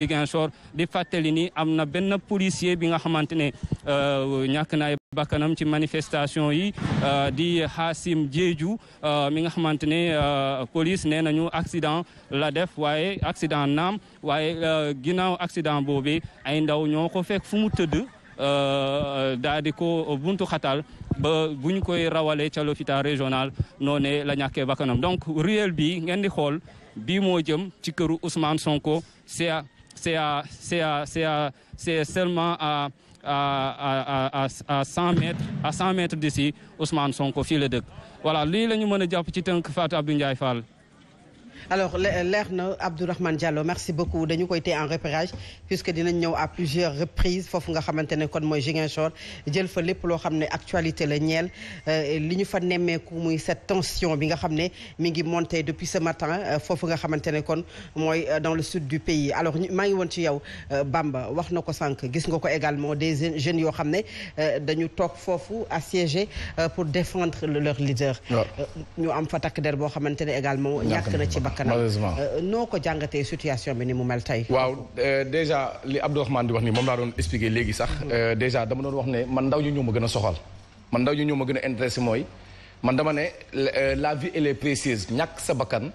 Ziguinchor di fàttali ni am na benn policier bi nga xamante ne euh, ñàkk na ay bakkanam ci manifestation yi euh, di Hassim Diédhiou euh, mi nga xamante ne police nee nañu accident la def waaye accident naam waaye ginnaaw accident boobe ay ndaw ñoo ko fekk fu mu tëdd daal di ko buntu xatal ba bu ñu koy rawalee ca l'hôpital régional noone la ñàkkee bakkanam donc ruelle bi ngeen di xool bi moo jëm ci kër Ousmane Sonko ca c'est seulement à, à, à, à, 100 mètres, à 100 mètres d'ici, Ousmane Sonko, fii la dëkk voilà lii la ñu mën a jàpp ci tënk Fatou Abdou Ndiaye Fall alors euh, leer na Abdourahmane Diallo merci beaucoup dañu koy tee en repérage puisque dinañ ñëw à plusieurs reprises foofu nga xamante ne kon mooy Ziguinchor jël fa lépp loo xam ne actualité la ñeel euh, li ñu fa nemmeeku muy cette tension bi nga xam ne mi ngi monté depuis ce matin euh, foofu nga xamante ne kon mooy dans le sud du pays alors maa ngi woon ci yow Bamba wax na ko sànq gis nga ko également des jeunes yoo xam ne dañu toog foofu assiégé pour défendre leur leader. ñu am fa takk der boo xamante ne également ñàkk na bakkanam malheureusement euh, noo ko jàngatee situation bi ni mu mel tey waaw euh, déjà li Abdourahmane di wax nii moom laa doon expliquer léegi sax mhm. euh, déjà dama doon wax ne man ndaw ñu ñoo gën a soxal man ndaw ñu ñoo gën a intéressé mooy man dama ne la vie elle est précieuse ñàkk sa bakkan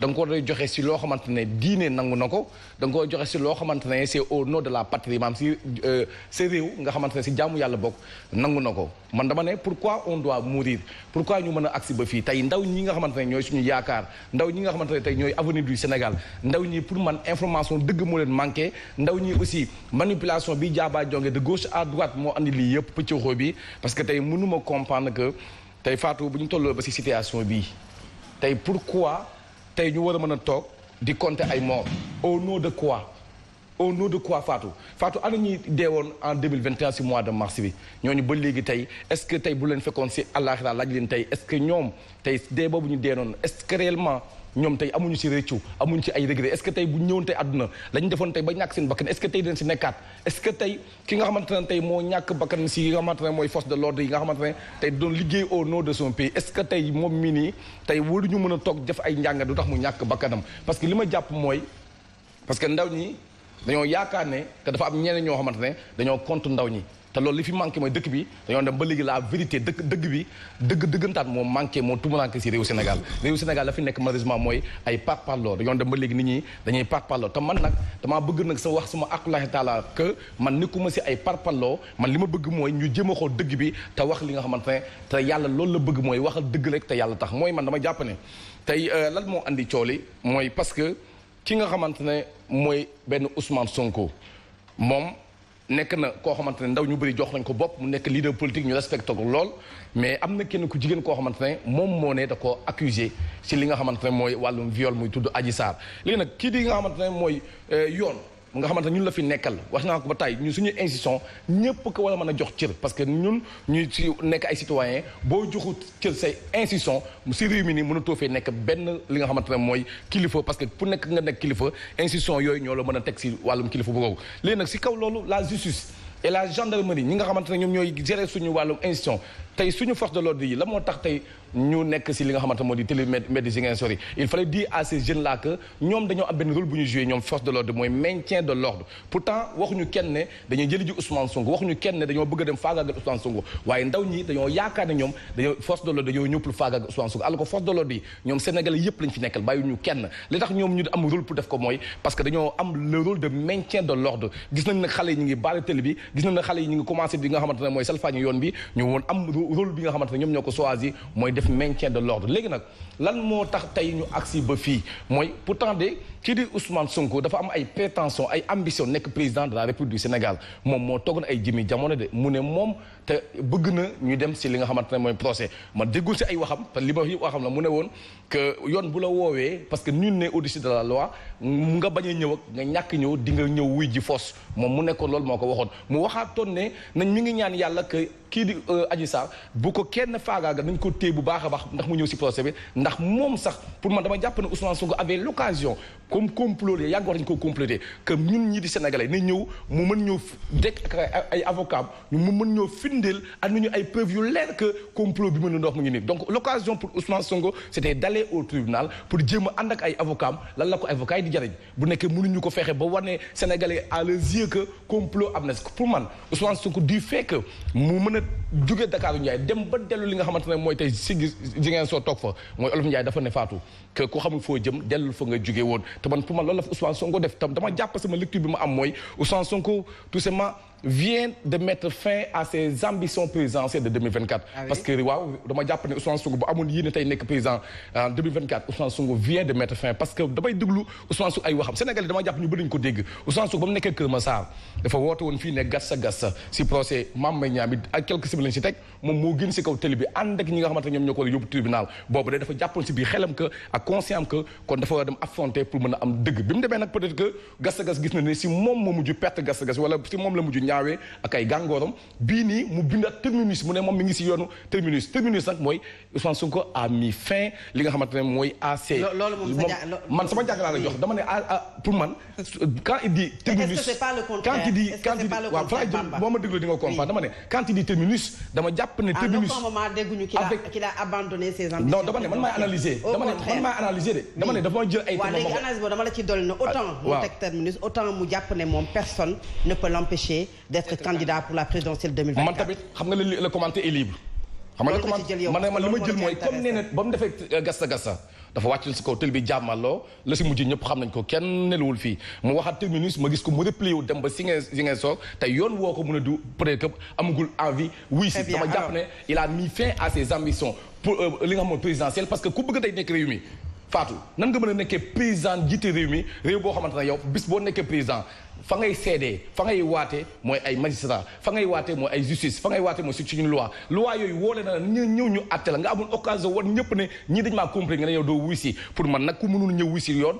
da nga ko war joxe si loo xamante ne diine nangu na ko da nga ko joxe si loo xamante ne c'est no de la patri maam si euh, sa réew nga xamante ne si jaamu yàlla bokk nangu na ko man dama ne pour pourquoi on doit mourir pourquoi ñu mën a agsi ba fii tey ndaw ñi nga xamante ne ñooy suñu yaakaar ndaw ñi nga xamante ne tey ñooy avenir du Sénégal ndaw ñi pour man information dëgg moo leen manqué ndaw ñi aussi manipulation bi jaabaa jonge de gauche à droite moo andi lii yëpp pëccëxoo bi parce que tey mënuma comprendre que tey Fatou bu ñu tolloo ba si situation bii tey ñu war a mën a toog di compter ay morts au nom de quoi au nom de quoi Fatou Fatou ana ñuy deewoon en 2021 mois de mars bi ñooñu ba léegi tey est-ce que tey bu leen fekkoon si àllaaxira laaj leen tey est-ce que ñoom tey dee boobu ñu dee noonu est-ce ñoom tey amuñu si réccu amuñu si ay regret est-ce tey bu ñëwoon tey àdduna lañu defoon tey ba ñàkk seen bakkan est-ce que tey dinañ si nekkaat est-ce que tey ki nga xamante tey moo ñàkk bakkan si nga xamante mooy force de l'ordre yi nga xamante tey doon liggéey au nom de son pays est que tey moom mii nii tey waruñu mën a toog def ay njàngat du tax mu ñàkk bakkanam parce que li ma jàpp mooy parce que ndaw ñi dañoo yaakaar ne que dafa am ñeneen ñoo xamante ne dañoo contre ndaw ñi te loolu li fi manqué mooy dëkk bi dañoo dem ba léegi la vérité dëkk dëgg bi dëgg dëggantaat moo manqué moo tumaranke si réew Sénégal réew Sénégal la fi nekk malheureusement mooy ay par parloo dañoo dem ba léegi nit ñi dañuy par parloo te man nag damaa bëgg nag sa wax suma aqulahi taala que man nekkuma si ay par man li ma bëgg mooy ñu jéem a xool dëgg bi te wax li nga xamante ne te yàlla loolu la bëgg mooy waxal dëgg rek te yàlla tax mooy man dama jàpp ne tey euh, lan moo andi cooli ci nga xamante ne mooy benn Ousmane Sonko moom nekk na koo xamante ne ndaw ñu bëri jox nañ ko bopp mu nekk leader politique ñu respecté ko lool mais am na kenn ku jigéen koo xamante ne moom moo ne da koo accusé ci li nga xamante ne mooy wàllum viol muy tudd aji Sarr léegi nag kii di nga xamante ne mooy euh, yoon mu nga xamante ñun la fi nekkal wax naa ko ba tey ñun suñu institution ñëpp ko war a mën a jox cër parce que ñun ñuy ci nekk ay citoyen boo joxu cër say institution si réew mi nii mënatoo fee nekk benn li nga xamante ne mooy kilifa parce que pour nekk nga nekk kilifa institution yooyu ñoo la mën a teg si wàllum kilifa bu boobu léegi nag si kaw loolu la justice et la gendarmerie ñi nga xamante ne ñoom ñooy gérer suñu wàllum institution tey suñu force de l'ordre yi la moo tax tey ñu nekk si li nga xamante moo di télémédecine sori il fallait dire à ces jeunes là que ñoom dañoo am benn bu ñu joué ñoom force de l'ordre mooy kenn ne dañuy jëli ji Ousmane Sonko waxuñu kenn ne dañoo bëgg a dem faagaagal Ousmane Sonko waaye ndaw ñi dañoo yaakaar ne ñoom dañoo force de l'ordre dañoo ñëw pour faagaagal Ousmane Sonko alors que force de l'ordre yi ñoom Sénégalais yëpp lañ fi nekkal bàyyiñu kenn li tax ñoom ñu am rôle pour def ko mooy parce rôle bi nga xamante ne ñoom ñoo ko choisir mooy def maintien de l'ordre léegi nag lan moo tax tey ñu agsi ba fii mooy pourtant de kii di Ousmane Sonko dafa am ay prétention ay ambition nekk président de la République Sénégal moom moo toogoon ay jimi jamono de mu ne moom te bëgg na ñu dem si li nga xamante ne mooy procès ma déggul si ay waxam parce que li ma fi waxam la mu ne woon que yoon bu la woowee parce que nul ne au-dessus de la loi nga bañ a ñëw ak nga ñàkk ñëw di nga ñëw wuy ji force moom mu nekkoon loolu moo ko waxoon mu waxaatoon ne nañ mi ngi ñaan yàlla que kii di euh, Adji Sarr bu ko kenn faagaagal nañ ko téye bu baax a baax ndax mu ñëw si procès bi ndax moom sax pour man dama jàpp ne Ousmane Sonko avait l'occasion ko comploter ñun ñi di sénégalais na ñëw mu mën ñëw dekk ak ay ñu mu mën ñoo findeel am nañu ay preuve yu leer bi mën na ndox mu ngi nii donc l'occasion pour Ousmane Sonko c'était d'aller au pour jéem a ak ay avocat la ko avocat yi di jariñ bu nekkee mënuñu ko fexe ba wane sénégalais à leurs yeux que complot am na pour man Ousmane Sonko du fait que mu mën a juge Dakaaru Ndiaye dem ba dellu li nga xamante ne mooy tey sigi jigéen soo toog fa mooy Olof Ndiaye dafa ne faatu que ku foo jëm dellu fa nga jóge woon te man pour man loolu la fa Ousmane Sonko def tam dama jàpp sama lecture bi ma am mooy Ousmane Sonko tout simplement vient de mettre fin à ses ambitions présidentielles de 2024. Ah oui? parce que waaw dama jàpp ne Ousmane vient de mettre fin parce que damay déglu Ousmane ba mu nekkee Kër Massar dafa woote woon fii ne gassa gassa si procès Mame Mbaye Niang bi ak quelques si teg moom moo gën si kaw télé bi ànd ak ñi nga xamante ñoom ñoo ko war a yóbbu tribunal boobu de dafa jàppoon si biir xelam que ak conscient que kon dafa war a dem affronter pour mën am dëgg Ndiawé ak ay gàngooram bii nii mu bindaat terminus mu ne moom mi ngi si yoonu terminus terminus nag mooy Ousmane Sonko a mis fin li nga xamante ne mooy AC. moom man sama jàng laa la jox dama ne pour man. quand il dit terminus di nga comprendre dama ne quand il dit terminus dama jàpp ne. terminus avec qu'il a abandonné ses ambitions non dama ne man maay analyser. dama ne man maay analyser de dama ne dafa jël ay. waaw léegi analyse dama la ci dolli ne ah, autant mu jàpp ne moom personne ne peut l'empêcher de candidat pour la présidentielle 2024. man tamit xam nga le le commentaire est libre. xam nga le commentaire man man li ma jël mooy ba mu defee euh, gasta gasta. dafa wàcc si kaw bi jàmmaloo la si mujj ñëpp xam nañ ko kenn nelawul fii mu waxaat terminus ma gis ko mu replié wu dem ba si ngeen si te yoon woo ko mun a du peut-être amagul envie wuy si dama jàpp ne il a mis fin à ses ambitions euh, li nga xam présidentielle parce que ku bëgg day nekk réew mi nan nga mën a nekkee président jiite réew mi réew boo xamante ne yow bis boo nekkee fa ngay seedee fa ngay waatee mooy ay magistrat fa ngay waatee mooy ay justice fa ngay waatee woole na la ñu ñu àtte nga amul occasion wan ñëpp ne ñii dañ maa compris nga ne yow doo wuy si pour man nag ku mënul ñëw wuy si yoon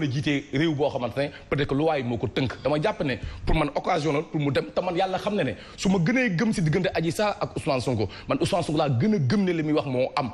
a jiitee réew boo xamante ne peut-être que loi yi moo ko tënk dama jàpp ne pour man occasion la pour mu dem te man wax moo am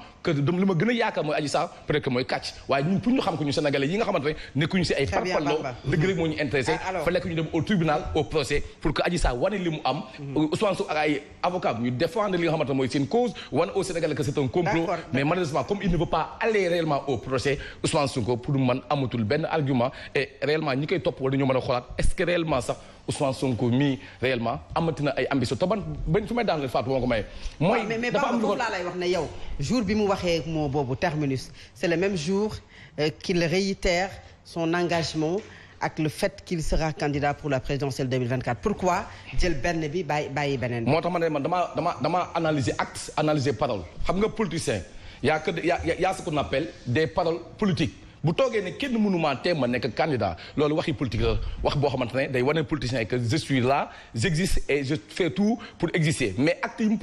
a yaakaar waaye ñun pour ñu xam ko ñu sénégalais yi nga xamante ne nekkuñu si ay parparloo dëgg rek moo ñu intéressé ah, fa lekk ñu dem au tribunal au procès pour que Adji Sarr wane li mu am mhm. Ousmane Sow ay avocat ñu défendre li nga xamante mooy seen cause wane au Sénégal que c'est un complot mais malheureusement comme il ne veut pas aller réellement au procès Ousmane Sonko pour man amatul benn argument et réellement ñi koy topp war nañoo mën a xoolaat est-ce que réellement sax Ousmane Sonko mii réellement amati ay ambition te ban bañ su may daan moo ko maye. mooy dafa am lu ko laa lay wax ne yow jour bi mu waxee moo boobu terminus c'est le même jour euh, qu'il réitère son engagement. ak le fait qu'il sera candidat pour la présidentielle 2024 pourquoi jël benn bi bàyyi beneen moo tax ma ne man damaa damaa damaa analyser acte analyser xam nga politicien y' a que y' a y' a ce qu'on bu toogee ne kenn mënumaa tee ma nekk candidat loolu waxi politique la wax boo xamante ne day wane politicien que je suis là j'existe et je tout pour exister mais acte yi mu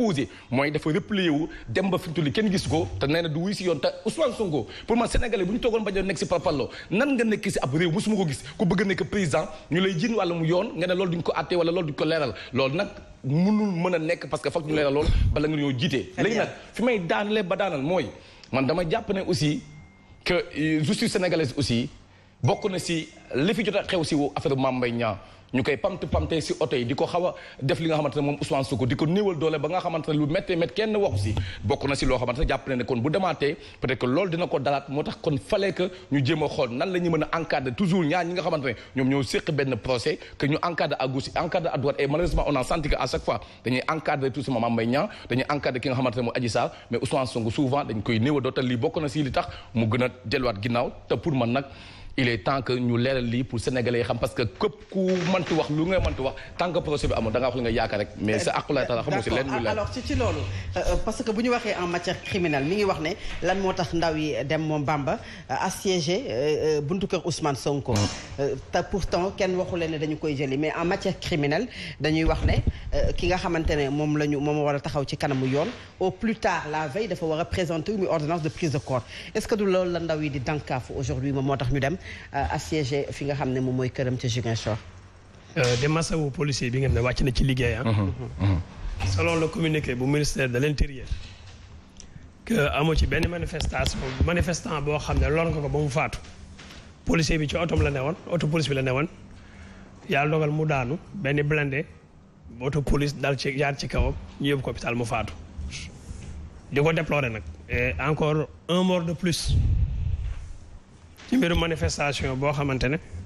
mooy dafa replié wu dem ba fi mu toll kenn gis ko te nee na du wuy si yoon te Ousmane Sonko pour man sénégalais bu ñu toogoon bañ a nekk si parparloo nan nga nekk si ab réew mosuma ko gis ku bëgg nekk président ñu mu yoon nga ne loolu duñ ko àtte wala loolu duñ ko leeral loolu nag mënul mën a nekk parce que foog ñu leeral lool bala nga ñoo jiitee léegi nag fi may daanale ba daanal mooy man dama jàpp aussi que euh, justice sénégalaise aussi bokk na si li fi jot a xew si affaire Mame Mbaye Niang ñu koy pamte pamte si oto yi di ko xaw a def li nga xamante ne moom Ousmane Sonko di doole ba nga xamante ne lu méttee mét kenn waxu si bokk na si loo xamante ne jàpp ne ne kon bu demaatee peut-être que loolu dina ko dalaat ñu jéem a xool nan toujours ñaar ñi nga xamante ne ñoo séq benn procès que ñu encadre à gauche encadre à a senti que à chaque fois dañuy encadrer tout sama Mame Mbaye Niang dañuy encadrer ki nga xamante mooy Adji Sarr mais Ousmane Sonko souvent dañ koy néewal doole te lii bokk na si li tax mu gën a delluwaat ginnaaw te pour man nag il est temps que ñu leeral lii pour sénégalais yi xam parce que képp ku mënti wax lu nga mënti wax tant que procès bi amul da nga wax li nga yaakaar rek mais sa aqulay taala xamu euh, bu ñu waxee en matière criminelle mi ngi wax ne lan moo tax ndaw yi dem moom Bamba euh, assiégé euh, buntu kër Ousmane Sonko mm. te pourtant kenn waxu leen ne dañu koy jëli mais en matière criminelle dañuy wax ne Euh, ki nga xamante ne moom la ñu moom war a taxaw ci kanamu yoon au plus tard la veille dafa war a présenter une ordonnance de prise de corps est-ce que du loolu la ndaw yi di dànkaafu aujourd'hui moom moo tax ñu dem euh, assiégé fi nga xam ne moom mooy këram ci Ziguinchor. Euh, de masawu policier bi nga xam ne wàcc na ci liggéey mhm. Mhm. selon la communiqué bu ministère de l'intérieur que amoo ci benn manifestation manifestant boo xam ne lor nga ko ba mu faatu policier bi ci la newoon oto police bi la newoon yàlla dogal mu daanu benn blindé oto police dal ci jaar ci kawam ñu yóbbu ko hôpital mu faatu di ko déplorer nag et encore un mort de plus ci mbirum manifestation boo xamante ne